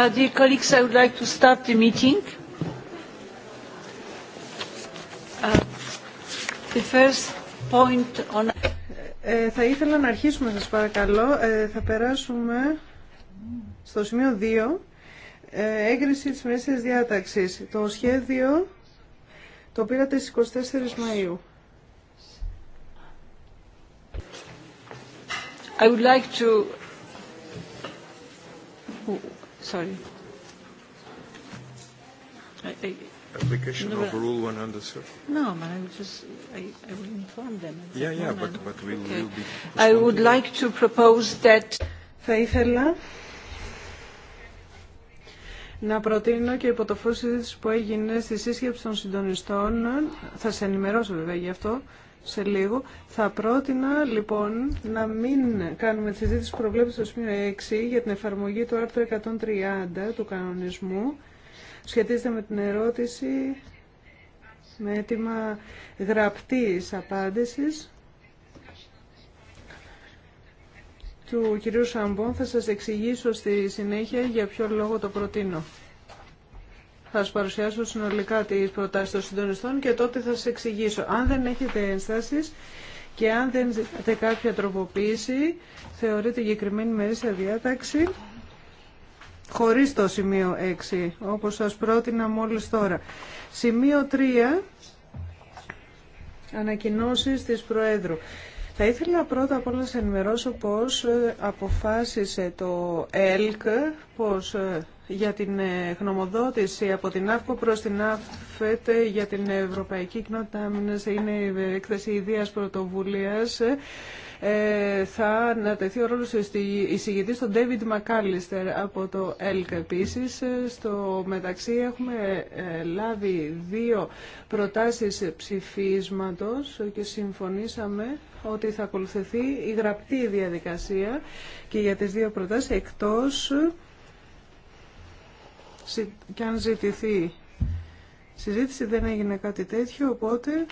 θα ήθελα να αρχίσουμε, σας παρακαλώ. Ε, θα περάσουμε στο σημείο 2, ε, έγκριση της μέσης διάταξης. Το σχέδιο το πήρατε στις 24 Μαΐου. I would like to Sorry. Application of Rule 100, sir. No, but I will just, I, I will inform them. Yeah, yeah, but, but we will be. I would like to propose that. Θα ήθελα να προτείνω και υπό το φως που έγινε στη σύσκεψη των συντονιστών, θα σε ενημερώσω βέβαια γι' αυτό, σε λίγο. Θα πρότεινα λοιπόν να μην κάνουμε τη συζήτηση που στο σημείο 6 για την εφαρμογή του άρθρου 130 του κανονισμού. Σχετίζεται με την ερώτηση με αίτημα γραπτής απάντησης του κυρίου Σαμπον Θα σας εξηγήσω στη συνέχεια για ποιο λόγο το προτείνω θα σας παρουσιάσω συνολικά τι προτάσει των συντονιστών και τότε θα σα εξηγήσω. Αν δεν έχετε ένσταση και αν δεν ζητάτε κάποια τροποποίηση, θεωρείται εγκεκριμένη μερίσια διάταξη χωρί το σημείο 6, όπως σα πρότεινα μόλι τώρα. Σημείο 3, ανακοινώσει τη Προέδρου. Θα ήθελα πρώτα απ' όλα να σε ενημερώσω πώς ε, αποφάσισε το ΕΛΚ, πώς ε, για την ε, γνωμοδότηση από την ΑΦΚΟ προ την ΑΦΕΤ ε, για την Ευρωπαϊκή Κοινότητα Άμυνα. Είναι η ε, έκθεση ιδίας πρωτοβουλία θα ανατεθεί ο ρόλο. του εισηγητή στον David Μακάλιστερ από το ΕΛΚ επίση. Στο μεταξύ έχουμε λάβει δύο προτάσεις ψηφίσματος και συμφωνήσαμε ότι θα ακολουθηθεί η γραπτή διαδικασία και για τις δύο προτάσεις εκτός και αν ζητηθεί συζήτηση δεν έγινε κάτι τέτοιο, οπότε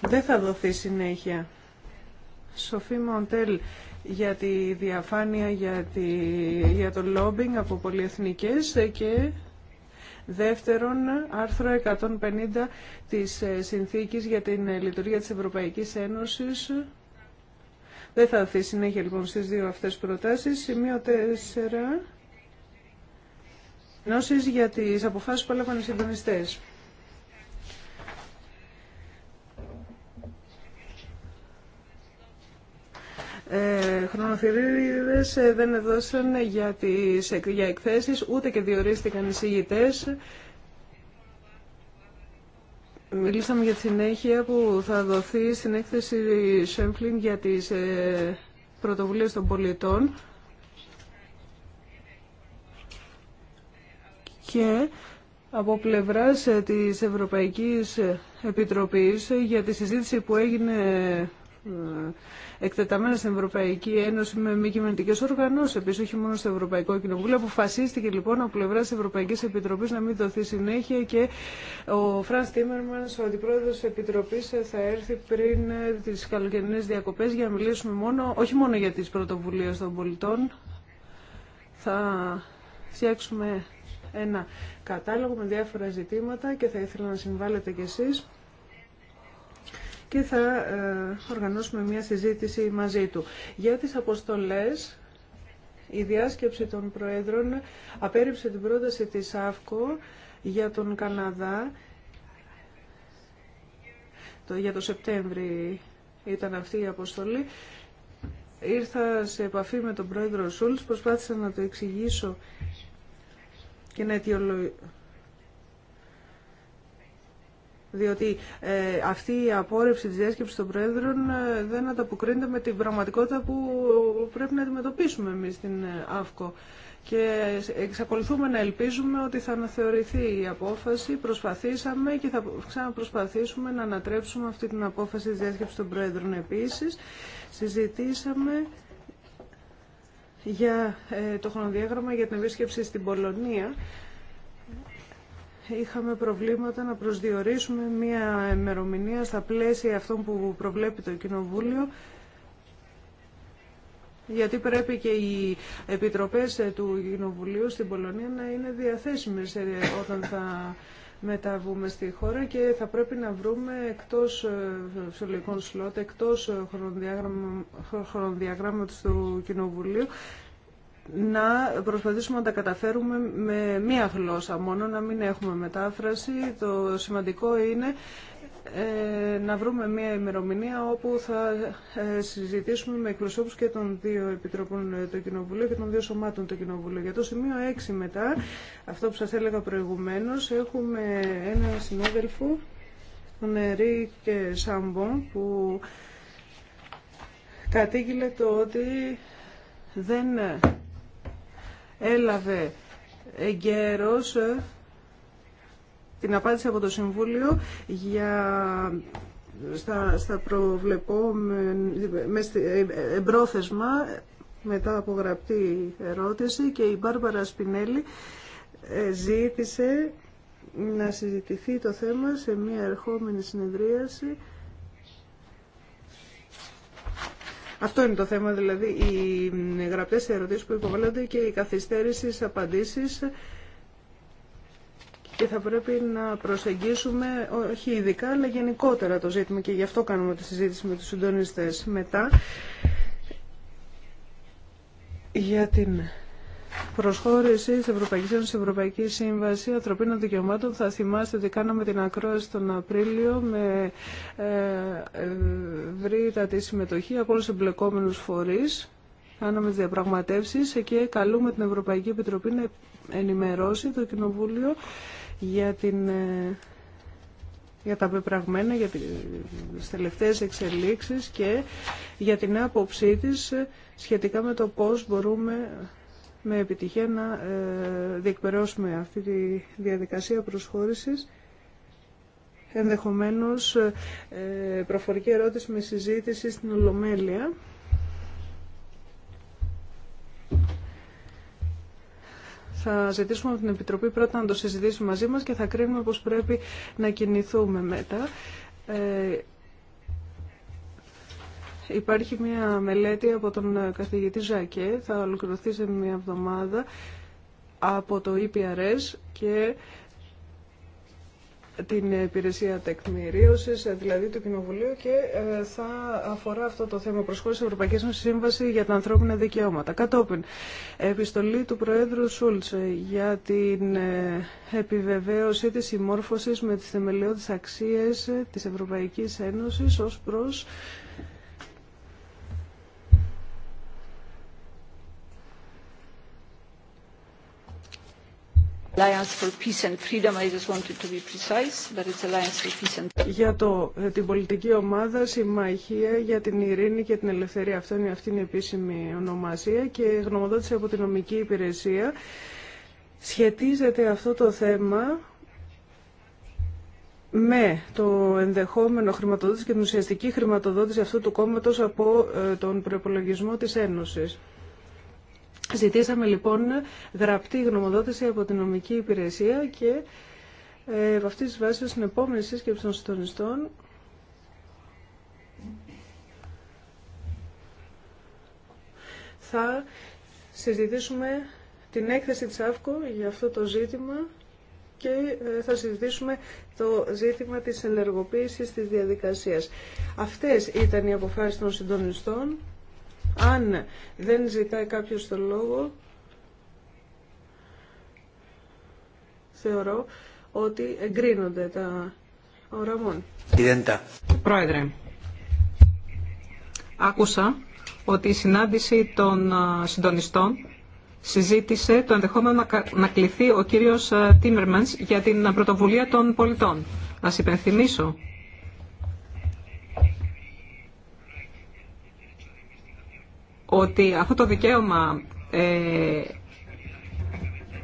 δεν θα δοθεί συνέχεια. Σοφή Μοντέλ για τη διαφάνεια, για, τη, για το λόμπινγκ από πολυεθνικές και δεύτερον άρθρο 150 της ε, Συνθήκης για την ε, λειτουργία της Ευρωπαϊκής Ένωσης δεν θα δοθεί συνέχεια λοιπόν στις δύο αυτές προτάσεις. Σημείο 4. Νόσεις για τις αποφάσεις που έλαβαν οι συντονιστές. Ε, ε δεν δώσαν για, τις, για εκθέσεις, ούτε και διορίστηκαν οι συγητές μιλήσαμε για τη συνέχεια που θα δοθεί στην έκθεση Σέμφλιν για τις ε, πρωτοβουλίες των πολιτών και από πλευράς ε, της Ευρωπαϊκής Επιτροπής ε, για τη συζήτηση που έγινε ε, εκτεταμένα στην Ευρωπαϊκή Ένωση με μη κυβερνητικέ οργανώσει, επίση όχι μόνο στο Ευρωπαϊκό Κοινοβούλιο. Αποφασίστηκε λοιπόν από πλευρά τη Ευρωπαϊκή Επιτροπή να μην δοθεί συνέχεια και ο Φραν Τίμερμαν, ο αντιπρόεδρο τη Επιτροπή, θα έρθει πριν ε, τι καλοκαιρινέ διακοπέ για να μιλήσουμε μόνο, όχι μόνο για τι πρωτοβουλίε των πολιτών. Θα φτιάξουμε ένα κατάλογο με διάφορα ζητήματα και θα ήθελα να συμβάλλετε κι εσείς και θα ε, οργανώσουμε μια συζήτηση μαζί του. Για τις αποστολές, η διάσκεψη των Προέδρων απέρριψε την πρόταση της ΑΦΚΟ για τον Καναδά το, για το Σεπτέμβρη ήταν αυτή η αποστολή. Ήρθα σε επαφή με τον πρόεδρο Σούλτς, προσπάθησα να το εξηγήσω και να αιτιολογήσω διότι ε, αυτή η απόρρευση της διάσκεψης των Πρόεδρων ε, δεν ανταποκρίνεται με την πραγματικότητα που πρέπει να αντιμετωπίσουμε εμείς στην ε, ΑΦΚΟ. Και εξακολουθούμε να ελπίζουμε ότι θα αναθεωρηθεί η απόφαση. Προσπαθήσαμε και θα ξαναπροσπαθήσουμε να ανατρέψουμε αυτή την απόφαση της διάσκεψης των Πρόεδρων επίσης. Συζητήσαμε για το χρονοδιάγραμμα για την επίσκεψη στην Πολωνία είχαμε προβλήματα να προσδιορίσουμε μία ημερομηνία στα πλαίσια αυτών που προβλέπει το Κοινοβούλιο γιατί πρέπει και οι επιτροπές ε, του Κοινοβουλίου στην Πολωνία να είναι διαθέσιμες ε, όταν θα μεταβούμε στη χώρα και θα πρέπει να βρούμε εκτός ε, φυσιολογικών σλότ, εκτός χρονοδιάγραμματος του Κοινοβουλίου, να προσπαθήσουμε να τα καταφέρουμε με μία γλώσσα μόνο, να μην έχουμε μετάφραση. Το σημαντικό είναι ε, να βρούμε μία ημερομηνία όπου θα ε, συζητήσουμε με εκπροσώπους και των δύο επιτροπών ε, του Κοινοβουλίου και των δύο σωμάτων του Κοινοβουλίου. Για το σημείο 6 μετά, αυτό που σας έλεγα προηγουμένως, έχουμε ένα συνάδελφο, τον Ερή και Σάμπον, που κατήγηλε το ότι δεν έλαβε εγκαίρως ε, την απάντηση από το Συμβούλιο για στα, στα ε, εμπρόθεσμα μετά από γραπτή ερώτηση και η Μπάρμπαρα Σπινέλη ε, ζήτησε να συζητηθεί το θέμα σε μια ερχόμενη συνεδρίαση Αυτό είναι το θέμα, δηλαδή οι γραπτέ ερωτήσει που υποβάλλονται και η καθυστέρηση απαντήσει. και θα πρέπει να προσεγγίσουμε όχι ειδικά αλλά γενικότερα το ζήτημα και γι' αυτό κάνουμε τη συζήτηση με τους συντονιστές μετά για προσχώρηση τη Ευρωπαϊκή Ένωση, Ευρωπαϊκή Σύμβαση Ανθρωπίνων Δικαιωμάτων. Θα θυμάστε ότι κάναμε την ακρόαση τον Απρίλιο με ε, ευρύτατη συμμετοχή από όλου του εμπλεκόμενου φορεί. Κάναμε τι διαπραγματεύσει και καλούμε την Ευρωπαϊκή Επιτροπή να ενημερώσει το Κοινοβούλιο για την ε, για τα πεπραγμένα, για τις τελευταίες εξελίξεις και για την άποψή της σχετικά με το πώς μπορούμε με επιτυχία να ε, διεκπαιρεώσουμε αυτή τη διαδικασία προσχώρησης. Ενδεχομένως ε, προφορική ερώτηση με συζήτηση στην Ολομέλεια. θα ζητήσουμε από την Επιτροπή πρώτα να το συζητήσουμε μαζί μας και θα κρίνουμε πώς πρέπει να κινηθούμε μετά. Ε, Υπάρχει μια μελέτη από τον καθηγητή Ζάκε, θα ολοκληρωθεί σε μια εβδομάδα από το EPRS και την υπηρεσία τεκμηρίωσης, δηλαδή του Κοινοβουλίου και ε, θα αφορά αυτό το θέμα προσχώρηση Ευρωπαϊκής Σύμβαση για τα ανθρώπινα δικαιώματα. Κατόπιν, επιστολή του Προέδρου Σούλτς ε, για την ε, επιβεβαίωση της συμμόρφωσης με τις θεμελιώδεις αξίες της Ευρωπαϊκής Ένωσης ως προς Για το, ε, την πολιτική ομάδα Συμμαχία για την Ειρήνη και την Ελευθερία. Αυτό είναι, αυτή είναι η επίσημη ονομασία και γνωμοδότηση από την νομική υπηρεσία. Σχετίζεται αυτό το θέμα με το ενδεχόμενο χρηματοδότηση και την ουσιαστική χρηματοδότηση αυτού του κόμματος από ε, τον προπολογισμό της Ένωσης. Ζητήσαμε λοιπόν γραπτή γνωμοδότηση από την νομική υπηρεσία και ε, από αυτή τη βάση στην επόμενη σύσκεψη των συντονιστών θα συζητήσουμε την έκθεση της ΑΦΚΟ για αυτό το ζήτημα και ε, θα συζητήσουμε το ζήτημα της ενεργοποίησης της διαδικασίας. Αυτές ήταν οι αποφάσεις των συντονιστών. Αν δεν ζητάει κάποιος το λόγο, θεωρώ ότι εγκρίνονται τα οραμών. Πρόεδρε, άκουσα ότι η συνάντηση των συντονιστών συζήτησε το ενδεχόμενο να κληθεί ο κύριος Τίμερμανς για την πρωτοβουλία των πολιτών. Να σας ότι αυτό το δικαίωμα, ε,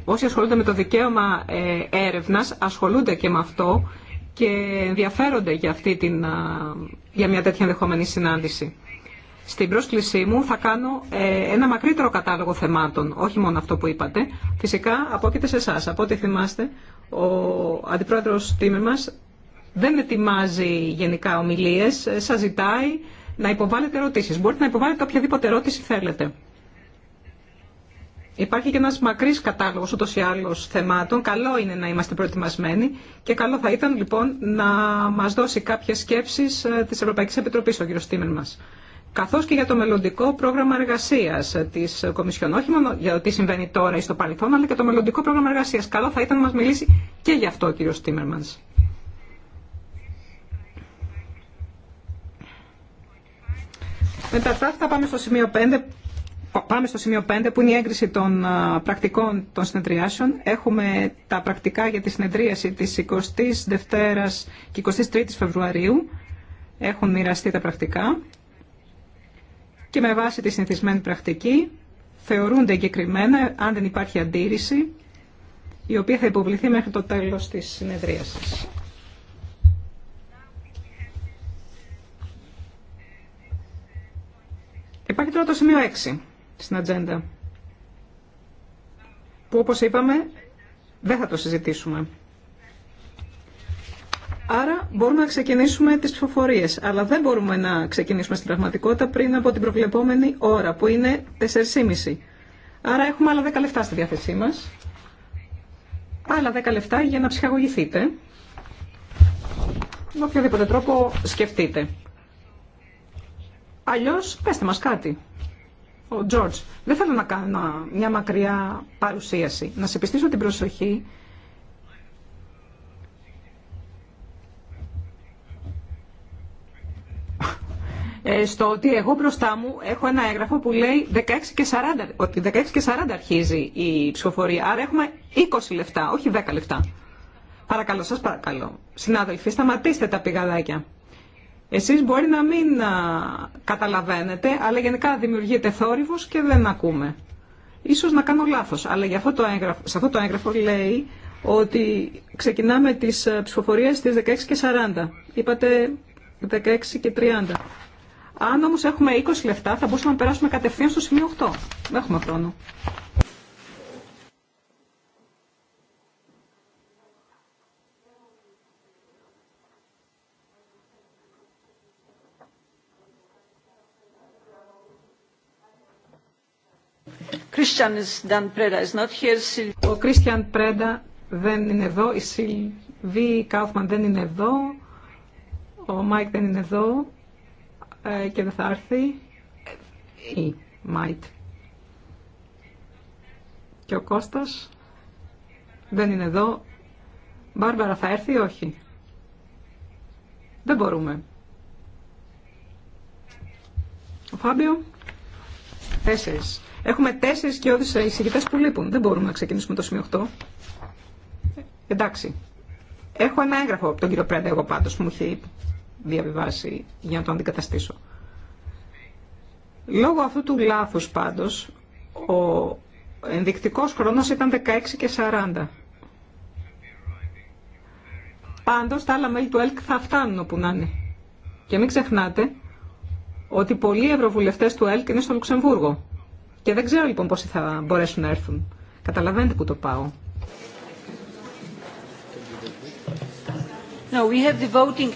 όσοι ασχολούνται με το δικαίωμα ε, έρευνας, ασχολούνται και με αυτό και ενδιαφέρονται για, αυτή την, για μια τέτοια ενδεχόμενη συνάντηση. Στην πρόσκλησή μου θα κάνω ε, ένα μακρύτερο κατάλογο θεμάτων, όχι μόνο αυτό που είπατε. Φυσικά απόκειται σε εσά. Από ό,τι θυμάστε, ο αντιπρόεδρος μας δεν ετοιμάζει γενικά ομιλίες, ε, σας ζητάει να υποβάλλετε ερωτήσεις. Μπορείτε να υποβάλλετε οποιαδήποτε ερώτηση θέλετε. Υπάρχει και ένας μακρύς κατάλογος ούτως ή άλλως θεμάτων. Καλό είναι να είμαστε προετοιμασμένοι και καλό θα ήταν λοιπόν να μας δώσει κάποιες σκέψεις ε, της Ευρωπαϊκής Επιτροπής ο κ. Τίμεν μας. Καθώς και για το μελλοντικό πρόγραμμα εργασίας ε, της Κομισιόν, όχι μόνο για το τι συμβαίνει τώρα ή στο παρελθόν, αλλά και το μελλοντικό πρόγραμμα εργασίας. Καλό θα ήταν να μας μιλήσει και γι' αυτό ο κ. Μετά θα πάμε στο σημείο 5. Πάμε στο σημείο 5 που είναι η έγκριση των πρακτικών των συνεδριάσεων. Έχουμε τα πρακτικά για τη συνεδρίαση της 22ης και 23 Φεβρουαρίου. Έχουν μοιραστεί τα πρακτικά και με βάση τη συνηθισμένη πρακτική θεωρούνται εγκεκριμένα αν δεν υπάρχει αντίρρηση η οποία θα υποβληθεί μέχρι το τέλος της συνεδρίασης. Υπάρχει τώρα το σημείο 6 στην ατζέντα, που όπως είπαμε δεν θα το συζητήσουμε. Άρα μπορούμε να ξεκινήσουμε τις ψηφοφορίες, αλλά δεν μπορούμε να ξεκινήσουμε στην πραγματικότητα πριν από την προβλεπόμενη ώρα, που είναι 4.30. Άρα έχουμε άλλα 10 λεφτά στη διάθεσή μας. Άλλα 10 λεφτά για να ψυχαγωγηθείτε. Με οποιοδήποτε τρόπο σκεφτείτε. Αλλιώ πέστε μα κάτι. Ο Τζόρτζ, δεν θέλω να κάνω μια μακριά παρουσίαση. Να σε πιστήσω την προσοχή ε, στο ότι εγώ μπροστά μου έχω ένα έγγραφο που λέει 16 και 40, ότι 16 και 40 αρχίζει η ψηφοφορία. Άρα έχουμε 20 λεφτά, όχι 10 λεφτά. Παρακαλώ, σας παρακαλώ. Συνάδελφοι, σταματήστε τα πηγαδάκια. Εσείς μπορεί να μην καταλαβαίνετε, αλλά γενικά δημιουργείται θόρυβος και δεν ακούμε. Ίσως να κάνω λάθος, αλλά για αυτό το σε αυτό το έγγραφο λέει ότι ξεκινάμε τις ε, ψηφοφορίες στις 16 και 40. Είπατε 16 και 30. Αν όμως έχουμε 20 λεπτά θα μπορούσαμε να περάσουμε κατευθείαν στο σημείο 8. Δεν έχουμε χρόνο. Ο Κρίστιαν Πρέντα δεν είναι εδώ, η Σιλβί Κάουφμαν δεν είναι εδώ, ο Μάικ δεν είναι εδώ ε, και δεν θα έρθει. Ή Μάικ. Και ο Κώστας δεν είναι εδώ. Μπάρμπαρα θα έρθει ή όχι. Δεν μπορούμε. Ο Φάμπιο, τέσσερις. Έχουμε τέσσερι και όδου εισηγητέ που λείπουν. Δεν μπορούμε να ξεκινήσουμε το σημείο 8. Εντάξει. Έχω ένα έγγραφο από τον κύριο Πρέντα, εγώ πάντω, που μου έχει διαβιβάσει για να το αντικαταστήσω. Λόγω αυτού του λάθου πάντω, ο ενδεικτικό χρόνο ήταν 16 και 40. Πάντω, τα άλλα μέλη του ΕΛΚ θα φτάνουν όπου να είναι. Και μην ξεχνάτε ότι πολλοί ευρωβουλευτέ του ΕΛΚ είναι στο Λουξεμβούργο. Και δεν ξέρω λοιπόν πόσοι θα μπορέσουν να έρθουν. Καταλαβαίνετε που το πάω. No, we have the voting at 4.30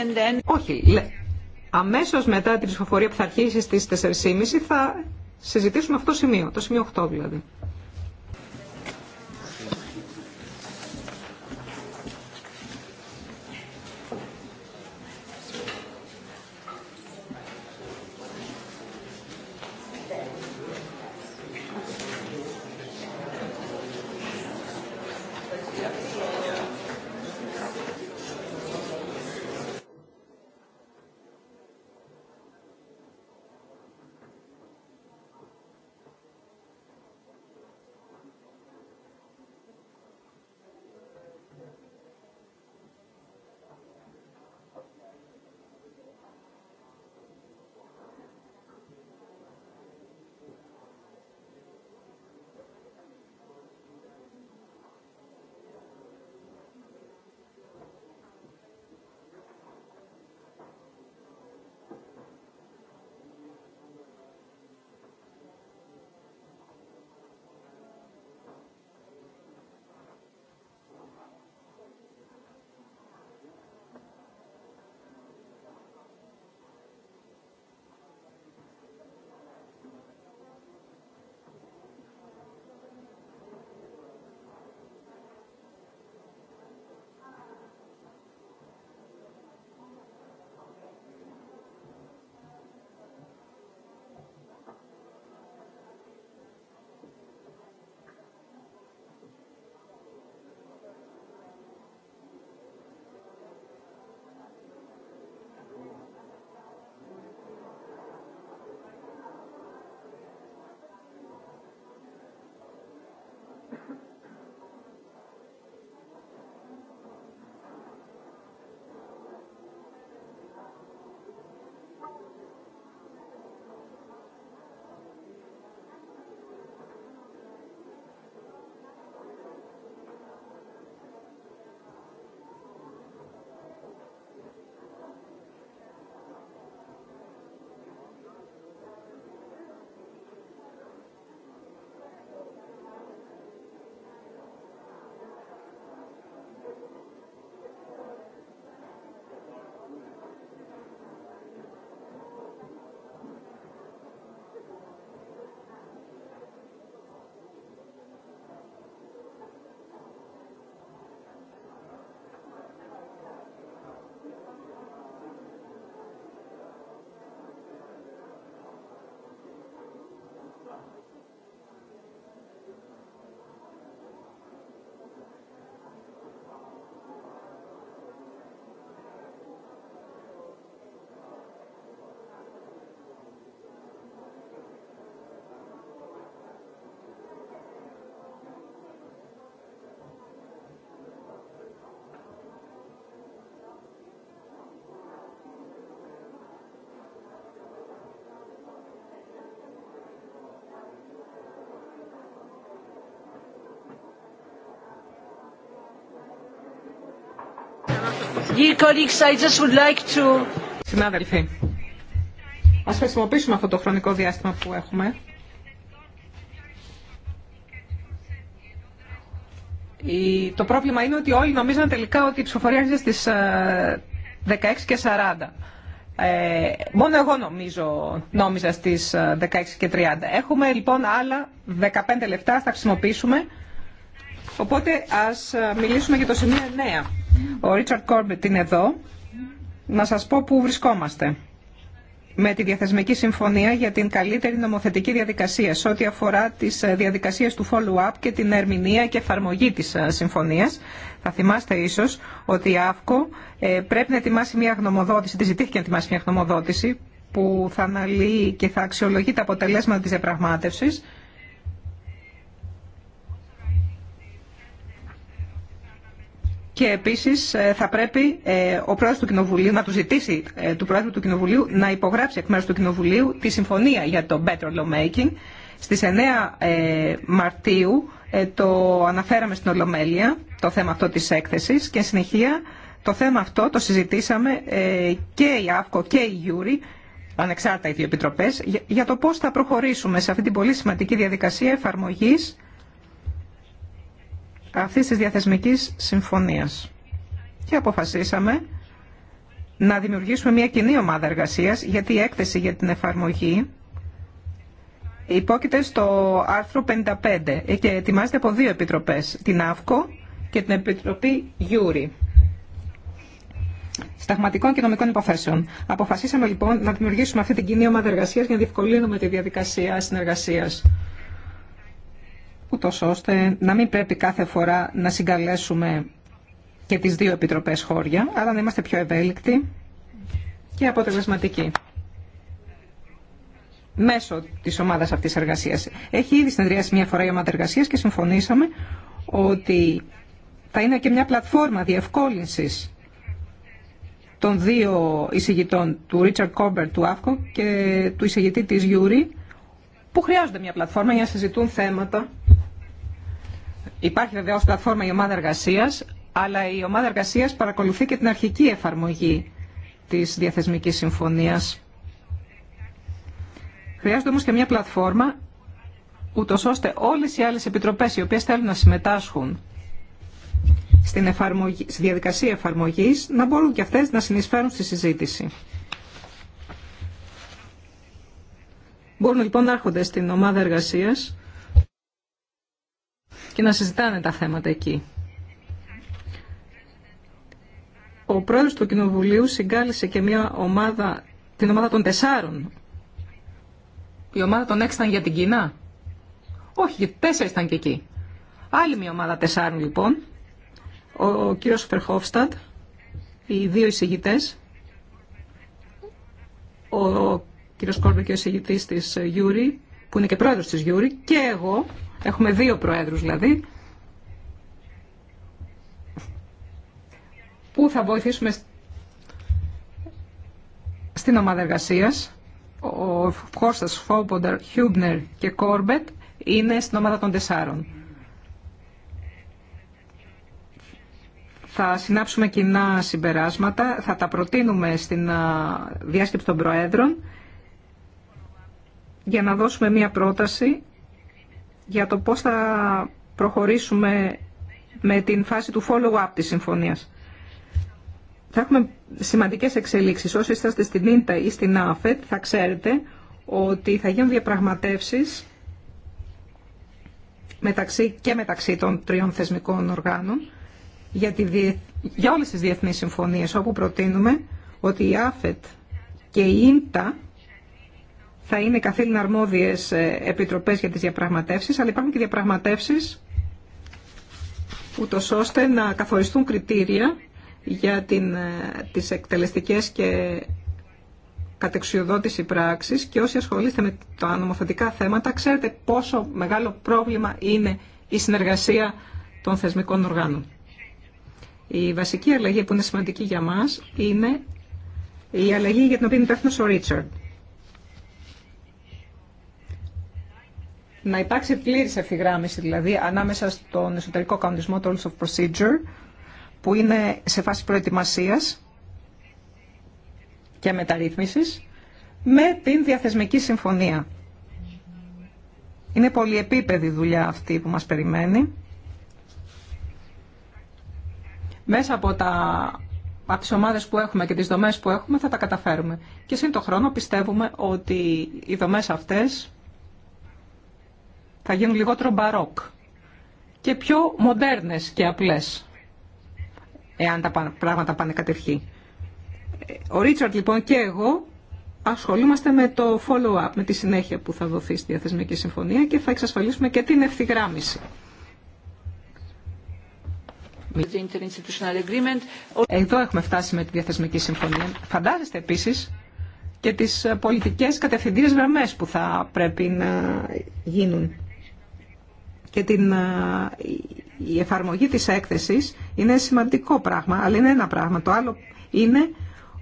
and then... Όχι, αμέσως μετά την ψηφοφορία που θα αρχίσει στις 4.30 θα συζητήσουμε αυτό το σημείο, το σημείο 8 δηλαδή. Συνάδελφοι, ας χρησιμοποιήσουμε αυτό το χρονικό διάστημα που έχουμε. Το πρόβλημα είναι ότι όλοι νομίζαν τελικά ότι η ψηφοφορία έρχεται στις 16 ε, και 40. Ε, μόνο εγώ νομίζω, νόμιζα στις 16 ε, και 30. Έχουμε λοιπόν άλλα 15 λεπτά, θα χρησιμοποιήσουμε. Οπότε ας μιλήσουμε για το σημείο 9. Ο Ρίτσαρτ Κόρμπετ είναι εδώ. Να σας πω που βρισκόμαστε με τη Διαθεσμική Συμφωνία για την καλύτερη νομοθετική διαδικασία σε ό,τι αφορά τις ε, διαδικασίες του follow-up και την ερμηνεία και εφαρμογή της ε, συμφωνίας. Θα θυμάστε ίσως ότι η ΑΦΚΟ ε, πρέπει να ετοιμάσει μια γνωμοδότηση, τη ζητήθηκε να ετοιμάσει μια γνωμοδότηση που θα αναλύει και θα αξιολογεί τα αποτελέσματα της διαπραγμάτευσης Και επίσης ε, θα πρέπει ε, ο πρόεδρο του Κοινοβουλίου να του ζητήσει ε, του πρόεδρου του Κοινοβουλίου να υπογράψει εκ μέρου του Κοινοβουλίου τη συμφωνία για το Better Lawmaking. Στις 9 Μαρτίου το αναφέραμε στην Ολομέλεια, το θέμα αυτό της έκθεσης και συνεχεία το θέμα αυτό το συζητήσαμε και η ΑΦΚΟ και η Γιούρη ανεξάρτητα οι δύο επιτροπές, για το πώς θα προχωρήσουμε σε αυτή την πολύ σημαντική διαδικασία εφαρμογής αυτής της διαθεσμικής συμφωνίας. Και αποφασίσαμε να δημιουργήσουμε μια κοινή ομάδα εργασίας, γιατί η έκθεση για την εφαρμογή υπόκειται στο άρθρο 55 και ετοιμάζεται από δύο επιτροπές, την ΑΦΚΟ και την Επιτροπή Γιούρι. Σταγματικών και νομικών υποθέσεων. Αποφασίσαμε λοιπόν να δημιουργήσουμε αυτή την κοινή ομάδα εργασίας για να διευκολύνουμε τη διαδικασία συνεργασίας ούτως ώστε να μην πρέπει κάθε φορά να συγκαλέσουμε και τις δύο επιτροπές χώρια, αλλά να είμαστε πιο ευέλικτοι και αποτελεσματικοί μέσω της ομάδας αυτής εργασίας. Έχει ήδη συνεδριάσει μια φορά η ομάδα εργασίας και συμφωνήσαμε ότι θα είναι και μια πλατφόρμα διευκόλυνσης των δύο εισηγητών, του Richard Κόμπερ του ΑΦΚΟ και του εισηγητή της Γιούρη, που χρειάζονται μια πλατφόρμα για να συζητούν θέματα. Υπάρχει βεβαίω πλατφόρμα η ομάδα εργασία, αλλά η ομάδα εργασία παρακολουθεί και την αρχική εφαρμογή τη διαθεσμική συμφωνία. Χρειάζεται όμω και μια πλατφόρμα, ούτω ώστε όλε οι άλλε επιτροπέ οι οποίε θέλουν να συμμετάσχουν στην εφαρμογή, στη διαδικασία εφαρμογή να μπορούν και αυτέ να συνεισφέρουν στη συζήτηση. Μπορούν λοιπόν να έρχονται στην ομάδα εργασίας και να συζητάνε τα θέματα εκεί. Ο πρόεδρος του Κοινοβουλίου συγκάλεσε και μια ομάδα, την ομάδα των τεσσάρων. Η ομάδα των έξι ήταν για την Κίνα. Όχι, γιατί τέσσερι ήταν και εκεί. Άλλη μια ομάδα τεσσάρων λοιπόν. Ο, ο κύριος Φερχόφστατ, οι δύο εισηγητές, ο, ο κύριος Κόρμπερ και ο εισηγητής της Γιούρη, που είναι και πρόεδρος της Γιούρη, και εγώ, έχουμε δύο πρόεδρους δηλαδή, που θα βοηθήσουμε στην ομάδα εργασίας. Ο Κώστας Φόμπονταρ, Χιούμπνερ και Κόρμπετ είναι στην ομάδα των τεσσάρων. Θα συνάψουμε κοινά συμπεράσματα, θα τα προτείνουμε στην διάσκεψη των Προέδρων για να δώσουμε μία πρόταση για το πώς θα προχωρήσουμε με την φάση του follow-up της συμφωνίας. Θα έχουμε σημαντικές εξελίξεις. Όσοι είστε στην ίντα ή στην ΑΦΕΤ θα ξέρετε ότι θα γίνουν διαπραγματεύσεις μεταξύ και μεταξύ των τριών θεσμικών οργάνων για, τη, για όλες τις διεθνείς συμφωνίες όπου προτείνουμε ότι η ΑΦΕΤ και η ΙΝΤΑ θα είναι καθήλυνα αρμόδιε επιτροπέ για τι διαπραγματεύσει, αλλά υπάρχουν και διαπραγματεύσεις ούτω ώστε να καθοριστούν κριτήρια για την, ε, τις εκτελεστικές και κατεξιοδότηση πράξης και όσοι ασχολείστε με τα νομοθετικά θέματα ξέρετε πόσο μεγάλο πρόβλημα είναι η συνεργασία των θεσμικών οργάνων. Η βασική αλλαγή που είναι σημαντική για μας είναι η αλλαγή για την οποία είναι υπεύθυνος ο Ρίτσαρντ. να υπάρξει πλήρης ευθυγράμμιση δηλαδή ανάμεσα στον εσωτερικό κανονισμό του Rules of Procedure που είναι σε φάση προετοιμασίας και μεταρρύθμισης με την διαθεσμική συμφωνία. Είναι πολυεπίπεδη δουλειά αυτή που μας περιμένει. Μέσα από, τα, από τις ομάδες που έχουμε και τις δομές που έχουμε θα τα καταφέρουμε. Και σύντο χρόνο πιστεύουμε ότι οι δομές αυτές θα γίνουν λιγότερο μπαρόκ και πιο μοντέρνες και απλές, εάν τα πράγματα πάνε κατευχή. Ο Ρίτσαρτ λοιπόν και εγώ ασχολούμαστε με το follow-up, με τη συνέχεια που θα δοθεί στη διαθεσμική συμφωνία και θα εξασφαλίσουμε και την ευθυγράμμιση. Εδώ έχουμε φτάσει με τη διαθεσμική συμφωνία. Φαντάζεστε επίσης και τις πολιτικές κατευθυντήρες γραμμές που θα πρέπει να γίνουν και την, ε, η εφαρμογή της έκθεσης είναι σημαντικό πράγμα, αλλά είναι ένα πράγμα. Το άλλο είναι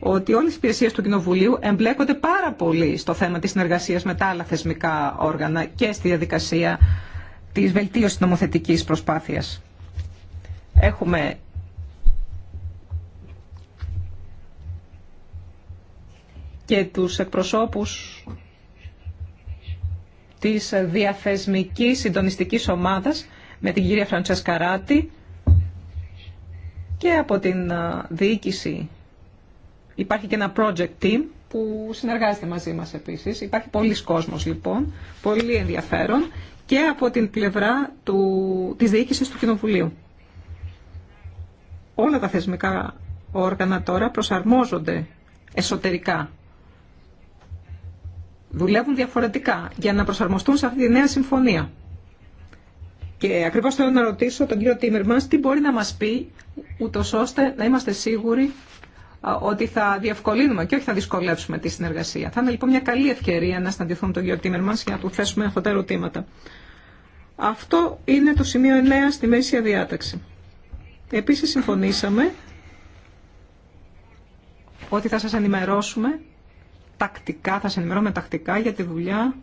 ότι όλες οι υπηρεσίες του Κοινοβουλίου εμπλέκονται πάρα πολύ στο θέμα της συνεργασίας με τα άλλα θεσμικά όργανα και στη διαδικασία της βελτίωσης νομοθετικής προσπάθειας. Έχουμε και τους εκπροσώπους της Διαθεσμικής Συντονιστικής Ομάδας με την κυρία Φραντσέσκα Ράτη και από την διοίκηση υπάρχει και ένα project team που συνεργάζεται μαζί μας επίσης. Υπάρχει πολλοί κόσμος λοιπόν, πολύ ενδιαφέρον και από την πλευρά του, της διοίκησης του Κοινοβουλίου. Όλα τα θεσμικά όργανα τώρα προσαρμόζονται εσωτερικά δουλεύουν διαφορετικά για να προσαρμοστούν σε αυτή τη νέα συμφωνία. Και ακριβώς θέλω να ρωτήσω τον κύριο Τίμερμανς τι μπορεί να μας πει ούτω ώστε να είμαστε σίγουροι ότι θα διευκολύνουμε και όχι θα δυσκολεύσουμε τη συνεργασία. Θα είναι λοιπόν μια καλή ευκαιρία να συναντηθούμε τον κύριο Τίμερμανς για να του θέσουμε αυτά τα ερωτήματα. Αυτό είναι το σημείο 9 στη μέση διάταξη. Επίσης συμφωνήσαμε ότι θα σας ενημερώσουμε τακτικά, θα σε ενημερώνουμε τακτικά για τη δουλειά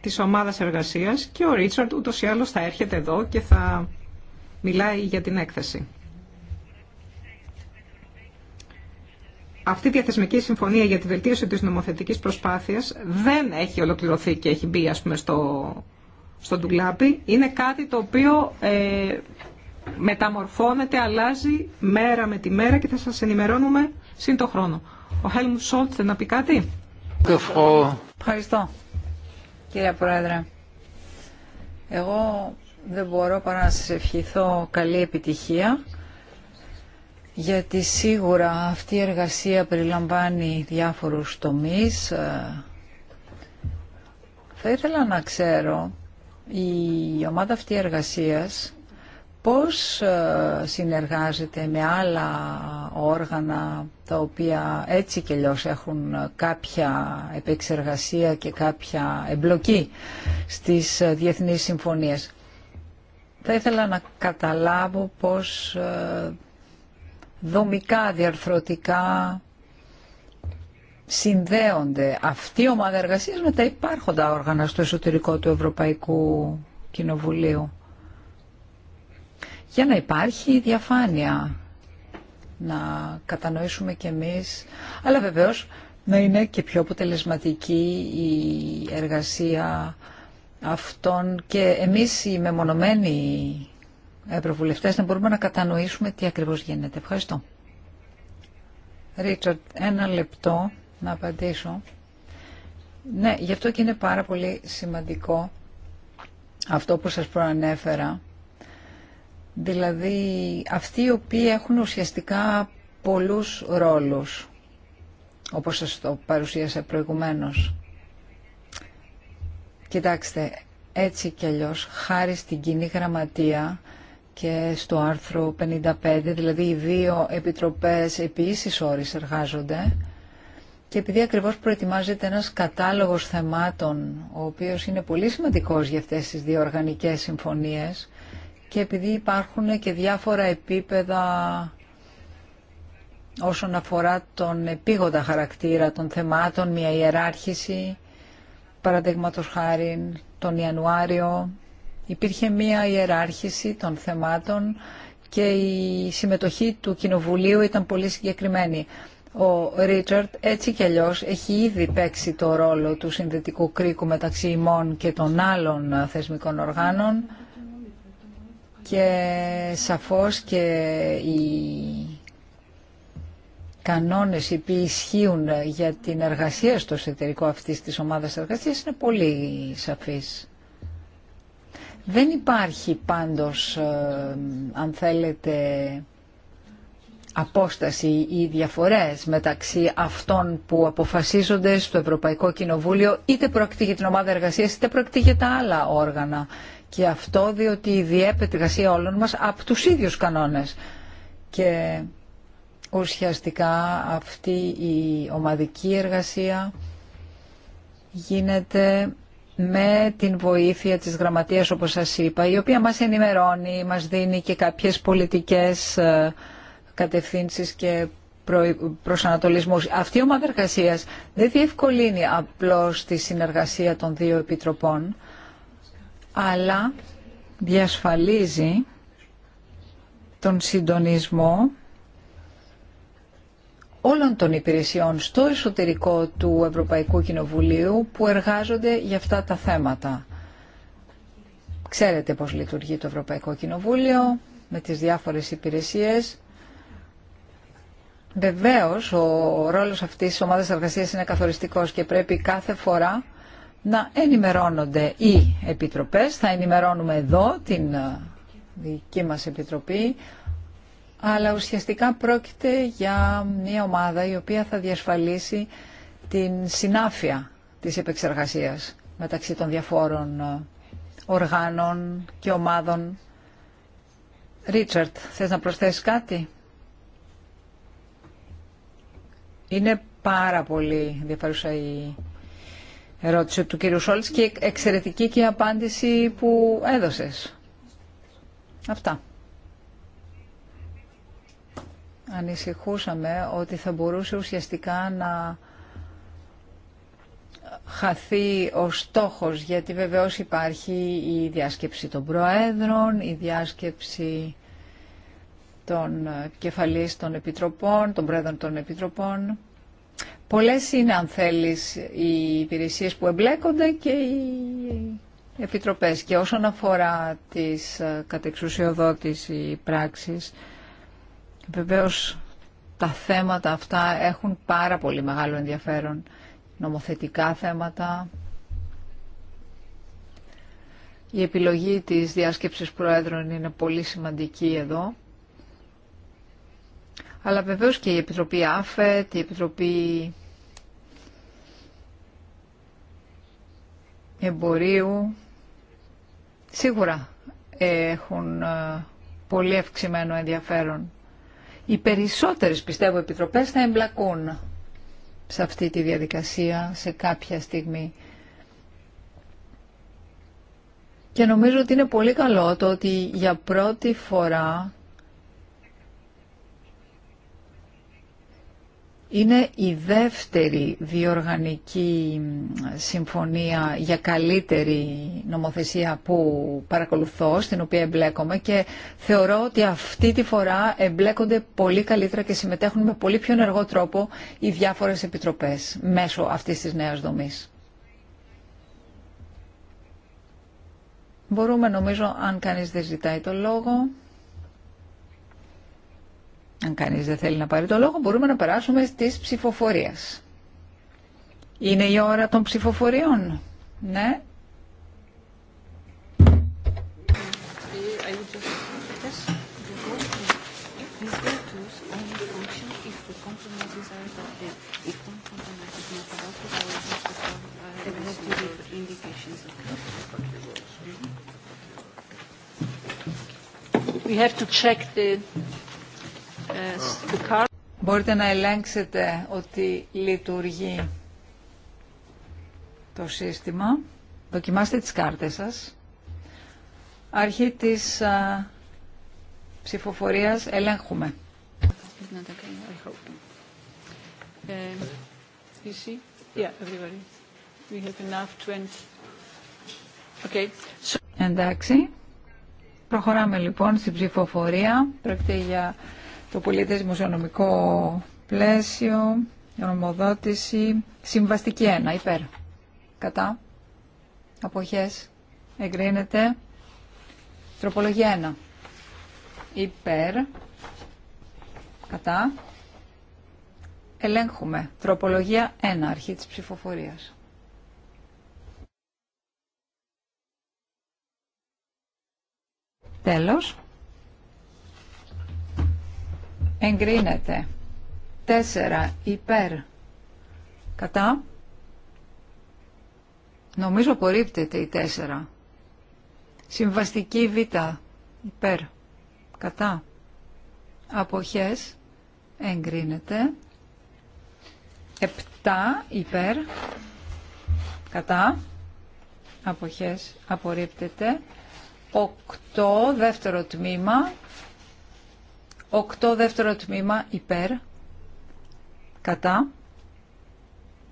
της ομάδας εργασίας και ο Ρίτσαρντ ούτως ή άλλως θα έρχεται εδώ και θα μιλάει για την έκθεση. Αυτή η διαθεσμική συμφωνία για τη βελτίωση της νομοθετικής προσπάθειας δεν έχει ολοκληρωθεί και έχει μπει ας στο, στο ντουλάπι. Είναι κάτι το οποίο ε, μεταμορφώνεται, αλλάζει μέρα με τη μέρα και θα σας ενημερώνουμε σύντο χρόνο. Ο Χέλμου Σόλτ θέλει να πει κάτι. Ευχαριστώ. Κύριε Πρόεδρε, εγώ δεν μπορώ παρά να σας ευχηθώ καλή επιτυχία γιατί σίγουρα αυτή η εργασία περιλαμβάνει διάφορους τομείς. Θα ήθελα να ξέρω η ομάδα αυτή εργασίας πώς ε, συνεργάζεται με άλλα όργανα τα οποία έτσι και λιώς έχουν κάποια επεξεργασία και κάποια εμπλοκή στις ε, διεθνείς συμφωνίες. Θα ήθελα να καταλάβω πώς ε, δομικά, διαρθρωτικά συνδέονται αυτή η ομάδα εργασίας με τα υπάρχοντα όργανα στο εσωτερικό του Ευρωπαϊκού Κοινοβουλίου για να υπάρχει διαφάνεια. Να κατανοήσουμε κι εμείς, αλλά βεβαίως να είναι και πιο αποτελεσματική η εργασία αυτών και εμείς οι μεμονωμένοι ευρωβουλευτές να μπορούμε να κατανοήσουμε τι ακριβώς γίνεται. Ευχαριστώ. Ρίτσαρτ, ένα λεπτό να απαντήσω. Ναι, γι' αυτό και είναι πάρα πολύ σημαντικό αυτό που σας προανέφερα δηλαδή αυτοί οι οποίοι έχουν ουσιαστικά πολλούς ρόλους, όπως σας το παρουσίασα προηγουμένως. Κοιτάξτε, έτσι κι αλλιώς, χάρη στην κοινή γραμματεία και στο άρθρο 55, δηλαδή οι δύο επιτροπές επί ίσης εργάζονται, και επειδή ακριβώς προετοιμάζεται ένας κατάλογος θεμάτων, ο οποίος είναι πολύ σημαντικός για αυτές τις δύο οργανικές συμφωνίες, και επειδή υπάρχουν και διάφορα επίπεδα όσον αφορά τον επίγοντα χαρακτήρα των θεμάτων, μια ιεράρχηση, παραδείγματο χάρη τον Ιανουάριο, υπήρχε μια ιεράρχηση των θεμάτων και η συμμετοχή του Κοινοβουλίου ήταν πολύ συγκεκριμένη. Ο Ρίτσαρτ έτσι κι αλλιώ έχει ήδη παίξει το ρόλο του συνδετικού κρίκου μεταξύ ημών και των άλλων θεσμικών οργάνων και σαφώς και οι κανόνες οι οποίοι ισχύουν για την εργασία στο εσωτερικό αυτής της ομάδας εργασίας είναι πολύ σαφείς. Δεν υπάρχει πάντως, ε, αν θέλετε, απόσταση ή διαφορές μεταξύ αυτών που αποφασίζονται στο Ευρωπαϊκό Κοινοβούλιο είτε πρόκειται για την ομάδα εργασίας είτε πρόκειται για τα άλλα όργανα. Και αυτό διότι διέπεται η εργασία όλων μας από τους ίδιους κανόνες. Και ουσιαστικά αυτή η ομαδική εργασία γίνεται με την βοήθεια της γραμματείας όπως σας είπα, η οποία μας ενημερώνει, μας δίνει και κάποιες πολιτικές ε, κατευθύνσεις και προσανατολισμούς. Αυτή η ομάδα εργασίας δεν διευκολύνει απλώς τη συνεργασία των δύο επιτροπών, αλλά διασφαλίζει τον συντονισμό όλων των υπηρεσιών στο εσωτερικό του Ευρωπαϊκού Κοινοβουλίου που εργάζονται για αυτά τα θέματα. Ξέρετε πώς λειτουργεί το Ευρωπαϊκό Κοινοβούλιο με τις διάφορες υπηρεσίες. Βεβαίως, ο ρόλος αυτής της ομάδας εργασίας είναι καθοριστικός και πρέπει κάθε φορά να ενημερώνονται οι επιτροπές. Θα ενημερώνουμε εδώ την ε, δική μας επιτροπή, αλλά ουσιαστικά πρόκειται για μια ομάδα η οποία θα διασφαλίσει την συνάφεια της επεξεργασίας μεταξύ των διαφόρων ε, οργάνων και ομάδων. Ρίτσαρτ, θες να προσθέσεις κάτι? Είναι πάρα πολύ ενδιαφέρουσα η ερώτηση του κύριου Σόλτς και εξαιρετική και η απάντηση που έδωσες. Αυτά. Ανησυχούσαμε ότι θα μπορούσε ουσιαστικά να χαθεί ο στόχος, γιατί βεβαίως υπάρχει η διάσκεψη των προέδρων, η διάσκεψη των κεφαλής των επιτροπών, των πρόεδρων των επιτροπών. Πολλές είναι, αν θέλεις, οι υπηρεσίες που εμπλέκονται και οι επιτροπές. Και όσον αφορά τις ε, κατεξουσιοδότηση πράξεις, βεβαίως τα θέματα αυτά έχουν πάρα πολύ μεγάλο ενδιαφέρον. Νομοθετικά θέματα, η επιλογή της διάσκεψης προέδρων είναι πολύ σημαντική εδώ. Αλλά βεβαίως και η Επιτροπή ΑΦΕΤ, η Επιτροπή εμπορίου σίγουρα έχουν ε, πολύ αυξημένο ενδιαφέρον. Οι περισσότερες πιστεύω επιτροπές θα εμπλακούν σε αυτή τη διαδικασία σε κάποια στιγμή. Και νομίζω ότι είναι πολύ καλό το ότι για πρώτη φορά Είναι η δεύτερη διοργανική συμφωνία για καλύτερη νομοθεσία που παρακολουθώ, στην οποία εμπλέκομαι και θεωρώ ότι αυτή τη φορά εμπλέκονται πολύ καλύτερα και συμμετέχουν με πολύ πιο ενεργό τρόπο οι διάφορες επιτροπές μέσω αυτής της νέας δομής. Μπορούμε νομίζω, αν κανείς δεν ζητάει το λόγο, αν κανείς δεν θέλει να πάρει το λόγο, μπορούμε να περάσουμε στις ψηφοφορίες. Είναι η ώρα των ψηφοφοριών. Ναι. We have to Μπορείτε να ελέγξετε ότι λειτουργεί το σύστημα. Δοκιμάστε τις κάρτες σας. Αρχή της α, ψηφοφορίας ελέγχουμε. Ε, Εντάξει. Προχωράμε λοιπόν στην ψηφοφορία. Πρόκειται για το πολιτισμο δημοσιονομικό πλαίσιο, νομοδότηση, συμβαστική 1, υπέρ. Κατά, αποχές, εγκρίνεται, τροπολογία 1, υπέρ, κατά, ελέγχουμε, τροπολογία 1, αρχή της ψηφοφορίας. Τέλος εγκρίνεται. 4 υπέρ κατά. Νομίζω απορρίπτεται η 4. Συμβαστική Β υπέρ κατά. Αποχές εγκρίνεται. 7 υπέρ κατά. Αποχές απορρίπτεται. 8 δεύτερο τμήμα Οκτώ δεύτερο τμήμα υπέρ, κατά,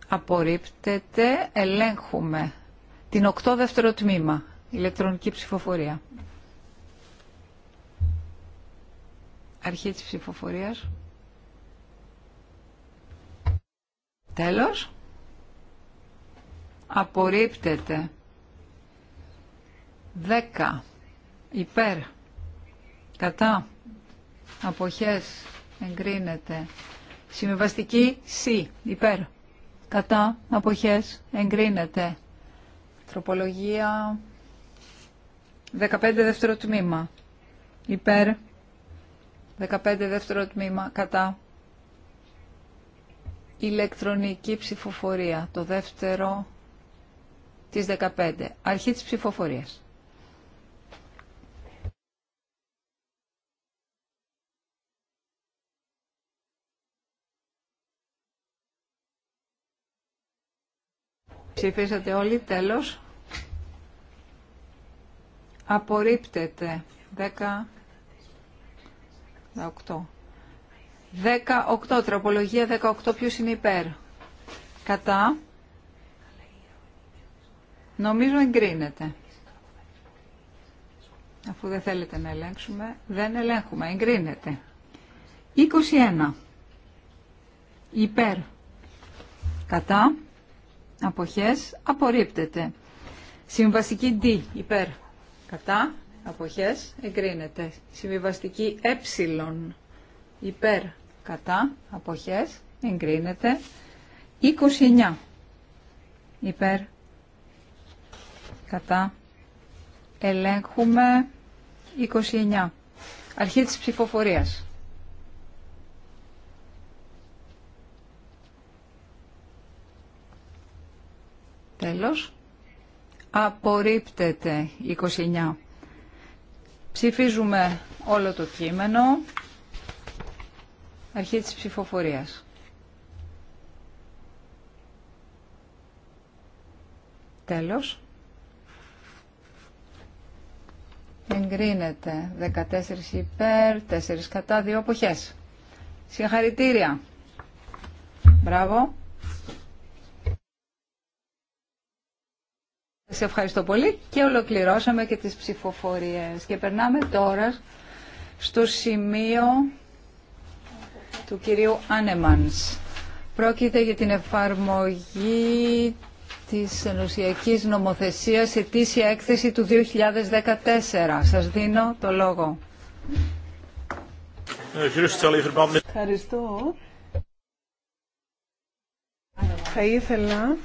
απορρίπτεται, ελέγχουμε την 8 δεύτερο τμήμα, ηλεκτρονική ψηφοφορία. Αρχή της ψηφοφορίας. Τέλος. Απορρίπτεται. 10. Υπέρ. Κατά αποχές εγκρίνεται. Συμβιβαστική Σ. υπέρ κατά αποχές εγκρίνεται. Τροπολογία 15 δεύτερο τμήμα υπέρ 15 δεύτερο τμήμα κατά ηλεκτρονική ψηφοφορία το δεύτερο της 15 αρχή της ψηφοφορίας. Ψηφίσατε όλοι, τέλος. Απορρίπτεται. 10... 18. 18, τροπολογία 18, ποιος είναι υπέρ. Κατά. Νομίζω εγκρίνεται. Αφού δεν θέλετε να ελέγξουμε, δεν ελέγχουμε, εγκρίνεται. 21. Υπέρ. Κατά αποχές απορρίπτεται. Συμβαστική D υπέρ κατά αποχές εγκρίνεται. Συμβιβαστική ε υπέρ κατά αποχές εγκρίνεται. 29 υπέρ κατά ελέγχουμε 29. Αρχή της ψηφοφορίας. Απορρίπτεται 29. Ψηφίζουμε όλο το κείμενο. Αρχή της ψηφοφορίας. Τέλος. Εγκρίνεται 14 υπέρ, 4 κατά, 2 αποχές. Συγχαρητήρια. Μπράβο. ευχαριστώ πολύ και ολοκληρώσαμε και τις ψηφοφορίες. Και περνάμε τώρα στο σημείο του κυρίου Άνεμανς. Πρόκειται για την εφαρμογή της ενωσιακής νομοθεσίας ετήσια έκθεση του 2014. Σας δίνω το λόγο. Ε, ευχαριστώ. Θα ήθελα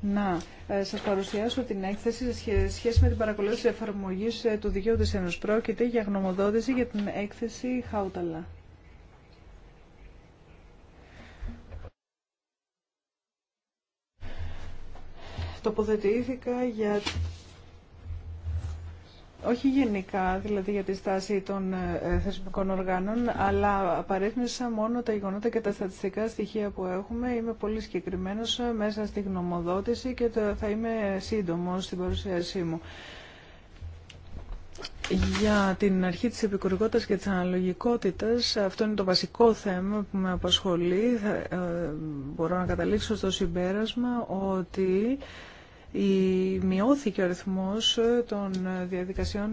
να ε, σας παρουσιάσω την έκθεση σε σχέση με την παρακολούθηση εφαρμογής ε, του δικαίου της Ένωσης. Πρόκειται για γνωμοδότηση για την έκθεση Χάουταλα. Τοποθετήθηκα για όχι γενικά, δηλαδή για τη στάση των ε, ε, θεσμικών οργάνων, αλλά παρέθνησα μόνο τα γεγονότα και τα στατιστικά στοιχεία που έχουμε. Είμαι πολύ συγκεκριμένο ε, μέσα στη γνωμοδότηση και θα είμαι σύντομο στην παρουσίασή μου. Για την αρχή της επικουρικότητας και της αναλογικότητας, αυτό είναι το βασικό θέμα που με απασχολεί. μπορώ να καταλήξω στο συμπέρασμα ότι μειώθηκε ο ρυθμός των διαδικασιών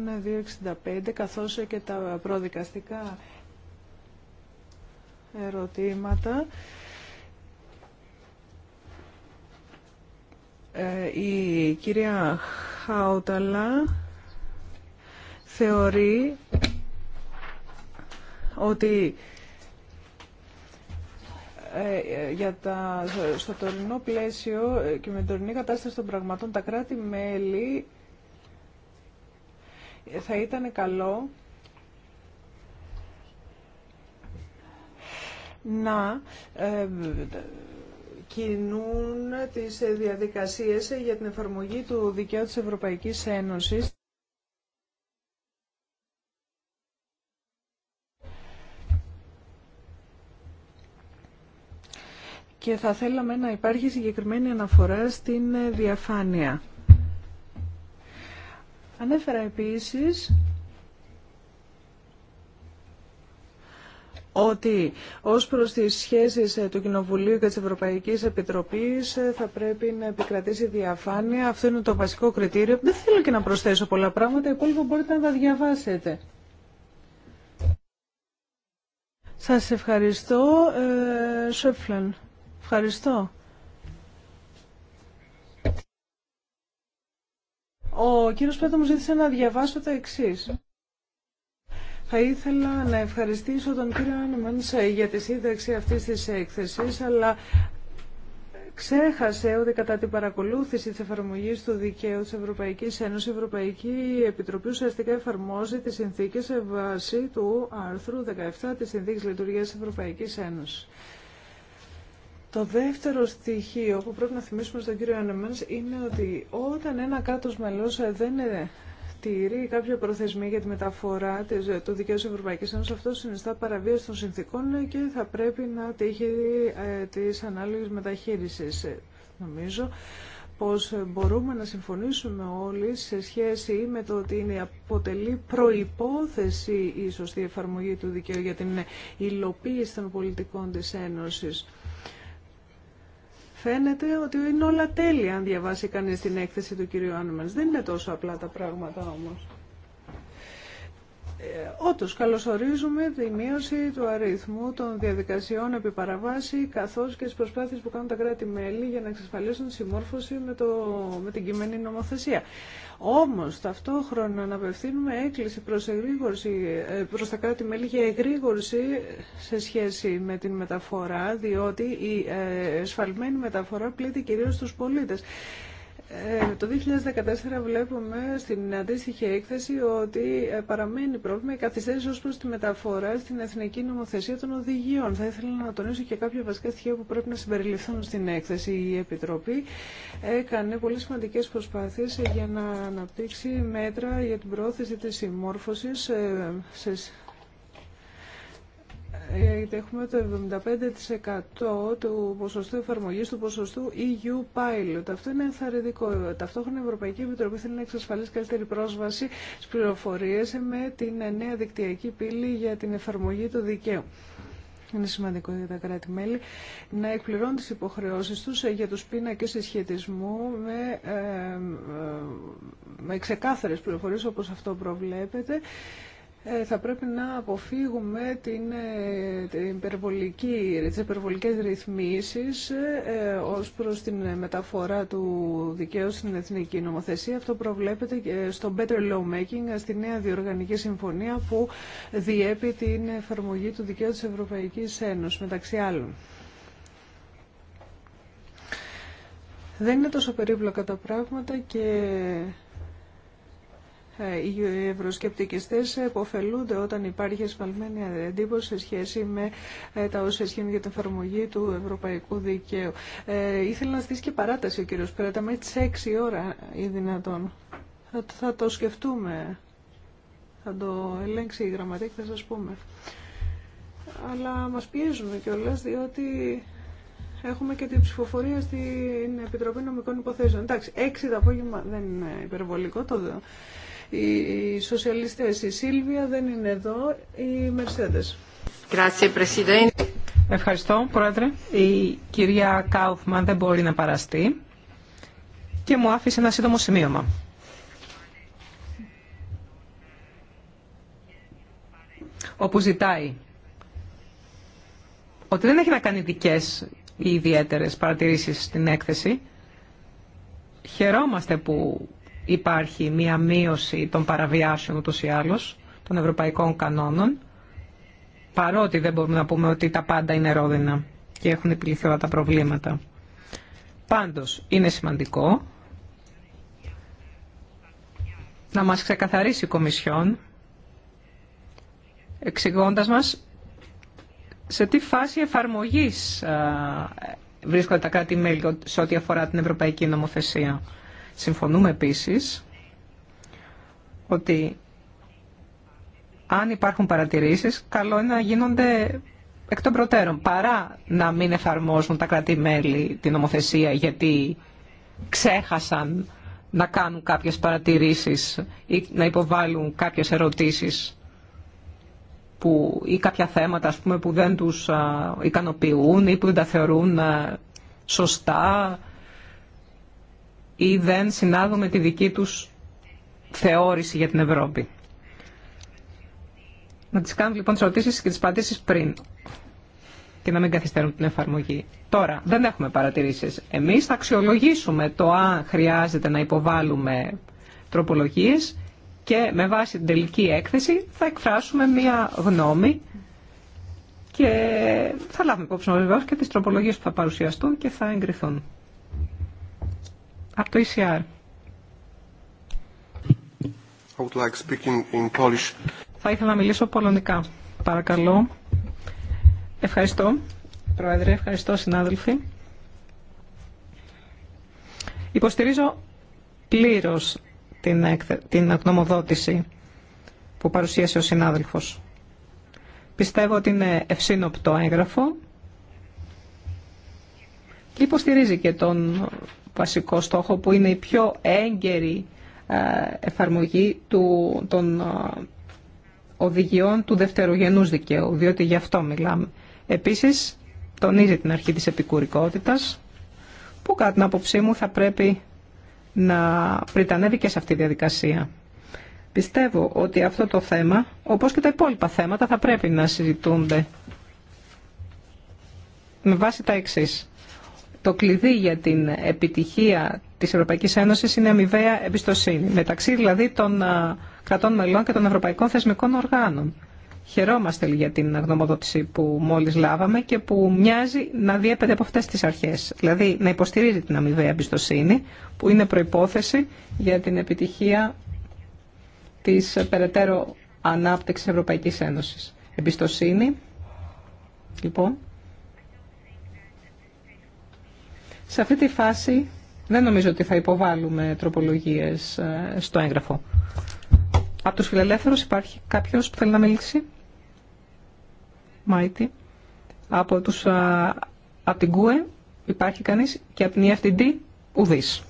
265 καθώς και τα προδικαστικά ερωτήματα. Ε, η κυρία Χαουταλά θεωρεί ότι ε, για τα, στο τωρινό πλαίσιο και με την τωρινή κατάσταση των πραγματών τα κράτη-μέλη θα ήταν καλό να ε, κινούν τις διαδικασίες για την εφαρμογή του δικαίου της Ευρωπαϊκής Ένωσης και θα θέλαμε να υπάρχει συγκεκριμένη αναφορά στην ε, διαφάνεια. Ανέφερα επίσης ότι ως προς τις σχέσεις ε, του Κοινοβουλίου και της Ευρωπαϊκής Επιτροπής ε, θα πρέπει να επικρατήσει διαφάνεια. Αυτό είναι το βασικό κριτήριο. Δεν θέλω και να προσθέσω πολλά πράγματα, υπόλοιπα μπορείτε να τα διαβάσετε. Σας ευχαριστώ. Ε, Ευχαριστώ. Ο κύριος Πέτο μου ζήτησε να διαβάσω τα εξή. Θα ήθελα να ευχαριστήσω τον κύριο Άνιμανς ε, για τη σύνταξη αυτής της έκθεσης, αλλά ξέχασε ότι κατά την παρακολούθηση της εφαρμογής του δικαίου της Ευρωπαϊκής Ένωσης, η Ευρωπαϊκή Επιτροπή ουσιαστικά εφαρμόζει τις συνθήκες σε βάση του άρθρου 17 της Συνθήκης Λειτουργίας της Ευρωπαϊκής Ένωσης. Το δεύτερο στοιχείο που πρέπει να θυμίσουμε στον κύριο Άνεμενς είναι ότι όταν ένα κράτος μελός δεν τηρεί κάποια προθεσμία για τη μεταφορά του δικαίου της Ευρωπαϊκής Ένωσης, αυτό συνιστά παραβίαση των συνθήκων και θα πρέπει να τύχει ε, της ανάλογης μεταχείρισης. Νομίζω πως μπορούμε να συμφωνήσουμε όλοι σε σχέση με το ότι είναι, αποτελεί προϋπόθεση η σωστή εφαρμογή του δικαίου για την υλοποίηση των πολιτικών της Ένωσης. Φαίνεται ότι είναι όλα τέλεια αν διαβάσει κανείς την έκθεση του κυρίου Άνμανς. Δεν είναι τόσο απλά τα πράγματα όμως. Ε, Ότω καλωσορίζουμε τη μείωση του αριθμού των διαδικασιών επί παραβάση, καθώς και τι προσπάθειε που κάνουν τα κράτη-μέλη για να εξασφαλίσουν τη συμμόρφωση με, το, με την κειμένη νομοθεσία. Όμως, ταυτόχρονα να απευθύνουμε έκκληση ε, προς, τα κράτη-μέλη για εγρήγορση σε σχέση με την μεταφορά, διότι η ε, εσφαλμένη μεταφορά πλήττει κυρίω του πολίτε. Ε, το 2014 βλέπουμε στην αντίστοιχη έκθεση ότι ε, παραμένει πρόβλημα η καθυστέρηση ως προς τη μεταφορά στην εθνική νομοθεσία των οδηγίων. Θα ήθελα να τονίσω και κάποια βασικά στοιχεία που πρέπει να συμπεριληφθούν στην έκθεση. Η Επιτροπή έκανε πολύ σημαντικές προσπάθειες για να αναπτύξει μέτρα για την πρόθεση της συμμόρφωσης ε, σε γιατί έχουμε το 75% του ποσοστού εφαρμογής του ποσοστού EU Pilot. Αυτό είναι ενθαρρυντικό. Ταυτόχρονα η Ευρωπαϊκή Επιτροπή θέλει να εξασφαλίσει καλύτερη πρόσβαση στις πληροφορίες με την νέα δικτυακή πύλη για την εφαρμογή του δικαίου. Είναι σημαντικό για τα κράτη-μέλη να εκπληρώνουν τις υποχρεώσεις τους για τους πίνακες συσχετισμού με, ε, ε με ξεκάθαρες πληροφορίες όπως αυτό προβλέπεται. Ε, θα πρέπει να αποφύγουμε την, ε, την υπερβολική, τις υπερβολικές ρυθμίσεις ε, ως προς την μεταφορά του δικαίου στην εθνική νομοθεσία. Αυτό προβλέπεται στο Better Lawmaking, στη νέα διοργανική συμφωνία που διέπει την εφαρμογή του δικαίου της Ευρωπαϊκής Ένωσης, μεταξύ άλλων. Δεν είναι τόσο περίπλοκα τα πράγματα και ε, οι ευρωσκεπτικιστέ υποφελούνται όταν υπάρχει ασφαλμένη εντύπωση σε σχέση με ε, τα όσα ισχύουν για την εφαρμογή του ευρωπαϊκού δικαίου. Ε, ήθελα να στήσει και παράταση ο κύριο Πέρατα με τι 6 ώρα ή δυνατόν. Θα, θα το σκεφτούμε. Θα το ελέγξει η γραμματεία και θα σα πούμε. Αλλά μα πιέζουμε κιόλα διότι έχουμε και την ψηφοφορία στην Επιτροπή Νομικών Υποθέσεων. Εντάξει, 6 το απόγευμα δεν είναι υπερβολικό. Το οι σοσιαλιστές, η Σίλβια δεν είναι εδώ, οι Μερσέντες. Ευχαριστώ, Πρόεδρε. Η κυρία Κάουφμαν δεν μπορεί να παραστεί και μου άφησε ένα σύντομο σημείωμα. όπου ζητάει ότι δεν έχει να κάνει δικέ ή ιδιαίτερε παρατηρήσει στην έκθεση. Χαιρόμαστε που υπάρχει μία μείωση των παραβιάσεων ούτως ή άλλως των ευρωπαϊκών κανόνων, παρότι δεν μπορούμε να πούμε ότι τα πάντα είναι ρόδινα και έχουν επιληθεί όλα τα προβλήματα. Πάντως, είναι σημαντικό να μας ξεκαθαρίσει η Κομισιόν, εξηγώντας μας σε τι φάση εφαρμογής ε, βρίσκονται τα κράτη-μέλη σε ό,τι αφορά την ευρωπαϊκή νομοθεσία. Συμφωνούμε επίσης ότι αν υπάρχουν παρατηρήσεις, καλό είναι να γίνονται εκ των προτέρων, παρά να μην εφαρμόζουν τα κρατη την νομοθεσία γιατί ξέχασαν να κάνουν κάποιες παρατηρήσεις ή να υποβάλουν κάποιες ερωτήσεις που, ή κάποια θέματα ας πούμε, που δεν τους ικανοποιούν ή που δεν τα θεωρούν σωστά ή δεν συνάδουμε τη δική τους θεώρηση για την Ευρώπη. Να τις κάνουν λοιπόν τις ερωτήσει και τις πατήσεις πριν και να μην καθυστερούν την εφαρμογή. Τώρα, δεν έχουμε παρατηρήσεις. Εμείς θα αξιολογήσουμε το αν χρειάζεται να υποβάλουμε τροπολογίες και με βάση την τελική έκθεση θα εκφράσουμε μία γνώμη και θα λάβουμε υπόψη βεβαίω και τις τροπολογίες που θα παρουσιαστούν και θα εγκριθούν από το ECR. Θα ήθελα να μιλήσω πολωνικά. Παρακαλώ. Ευχαριστώ, Πρόεδρε, ευχαριστώ, συνάδελφοι. Υποστηρίζω πλήρως την, την εκνομοδότηση που παρουσίασε ο συνάδελφος. Πιστεύω ότι είναι ευσύνοπτο έγγραφο υποστηρίζει και τον βασικό στόχο που είναι η πιο έγκαιρη ε, εφαρμογή του, των ε, οδηγιών του δευτερογενούς δικαίου, διότι γι' αυτό μιλάμε. Επίσης, τονίζει την αρχή της επικουρικότητας, που κατά την άποψή μου θα πρέπει να πριτανεύει και σε αυτή τη διαδικασία. Πιστεύω ότι αυτό το θέμα, όπως και τα υπόλοιπα θέματα, θα πρέπει να συζητούνται με βάση τα εξής. Το κλειδί για την επιτυχία της Ευρωπαϊκής Ένωσης είναι αμοιβαία εμπιστοσύνη, μεταξύ δηλαδή των κρατών μελών και των ευρωπαϊκών θεσμικών οργάνων. Χαιρόμαστε για την γνωμοδότηση που μόλις λάβαμε και που μοιάζει να διέπεται από αυτές τις αρχές. Δηλαδή να υποστηρίζει την αμοιβαία εμπιστοσύνη που είναι προϋπόθεση για την επιτυχία της περαιτέρω ανάπτυξης Ευρωπαϊκής Ένωσης. Εμπιστοσύνη, λοιπόν, Σε αυτή τη φάση δεν νομίζω ότι θα υποβάλουμε τροπολογίες ε, στο έγγραφο. Από τους φιλελεύθερους υπάρχει κάποιος που θέλει να μιλήσει. Μάιτι. Από, τους, ε, από την ΚΟΕ υπάρχει κανείς και από την EFTD ουδής.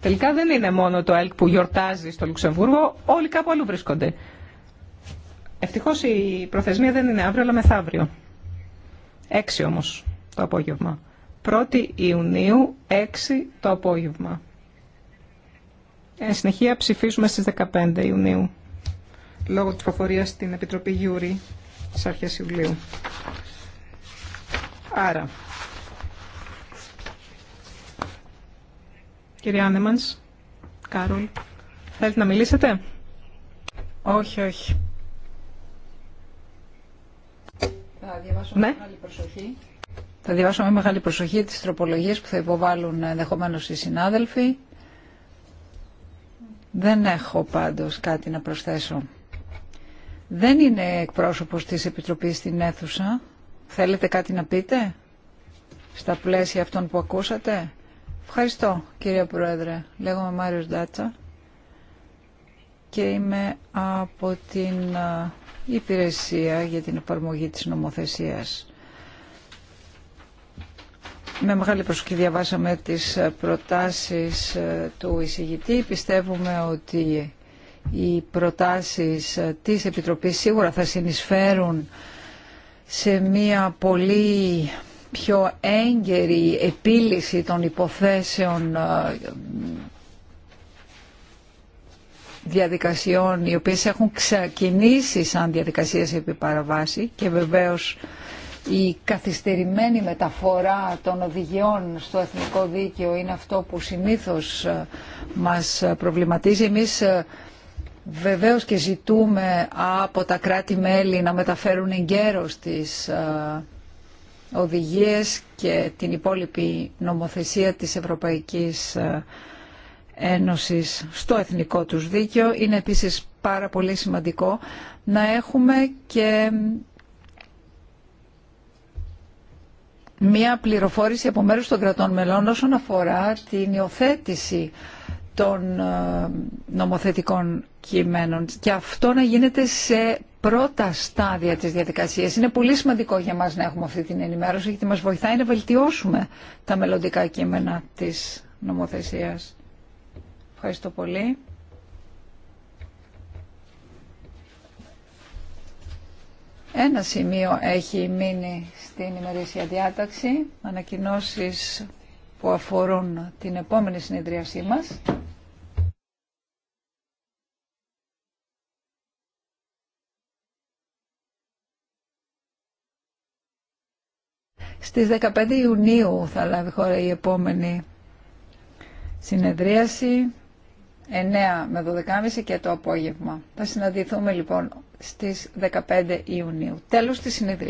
Τελικά δεν είναι μόνο το ΕΛΚ που γιορτάζει στο Λουξεμβούργο, όλοι κάπου αλλού βρίσκονται. Ευτυχώ η προθεσμία δεν είναι αύριο, αλλά μεθαύριο. Έξι όμως το απόγευμα. 1η Ιουνίου, 6 το απόγευμα. Εν συνεχεία ψηφίζουμε στις 15 Ιουνίου, λόγω της προφορίας στην Επιτροπή Γιούρη, της αρχές Ιουλίου. Άρα, κύριε Άνεμανς, Κάρολ, θέλετε να μιλήσετε? Όχι, όχι. Θα διαβάσω με ναι. μεγάλη προσοχή. Θα διαβάσω με μεγάλη προσοχή τις τροπολογίες που θα υποβάλουν ε, ενδεχομένω οι συνάδελφοι. Δεν έχω πάντως κάτι να προσθέσω. Δεν είναι εκπρόσωπος της Επιτροπής στην αίθουσα. Θέλετε κάτι να πείτε στα πλαίσια αυτών που ακούσατε. Ευχαριστώ κύριε Πρόεδρε. Λέγομαι Μάριος Ντάτσα και είμαι από την ε, υπηρεσία για την εφαρμογή της νομοθεσίας. Με μεγάλη προσοχή διαβάσαμε τις προτάσεις ε, του εισηγητή. Πιστεύουμε ότι οι προτάσεις ε, της Επιτροπής σίγουρα θα συνεισφέρουν σε μια πολύ πιο έγκαιρη επίλυση των υποθέσεων ε, διαδικασιών οι οποίες έχουν ξεκινήσει σαν διαδικασίες επί παραβάση και βεβαίως η καθυστερημένη μεταφορά των οδηγιών στο εθνικό δίκαιο είναι αυτό που συνήθως ε, μας προβληματίζει. Εμείς ε, βεβαίως και ζητούμε από τα κράτη-μέλη να μεταφέρουν εγκαίρως τις ε, οδηγίες και την υπόλοιπη νομοθεσία της Ευρωπαϊκής Ένωσης στο εθνικό τους δίκαιο. Είναι επίσης πάρα πολύ σημαντικό να έχουμε και μία πληροφόρηση από μέρους των κρατών μελών όσον αφορά την υιοθέτηση των ε, νομοθετικών κειμένων και αυτό να γίνεται σε πρώτα στάδια της διαδικασίας. Είναι πολύ σημαντικό για μας να έχουμε αυτή την ενημέρωση γιατί μας βοηθάει να βελτιώσουμε τα μελλοντικά κείμενα της νομοθεσίας. Ευχαριστώ πολύ. Ένα σημείο έχει μείνει στην ημερήσια διάταξη, ανακοινώσεις που αφορούν την επόμενη συνεδρίασή μας. Στις 15 Ιουνίου θα λάβει χώρα η επόμενη συνεδρίαση. 9 με 12.30 και το απόγευμα. Θα συναντηθούμε λοιπόν στις 15 Ιουνίου. Τέλος της συνεδρίας.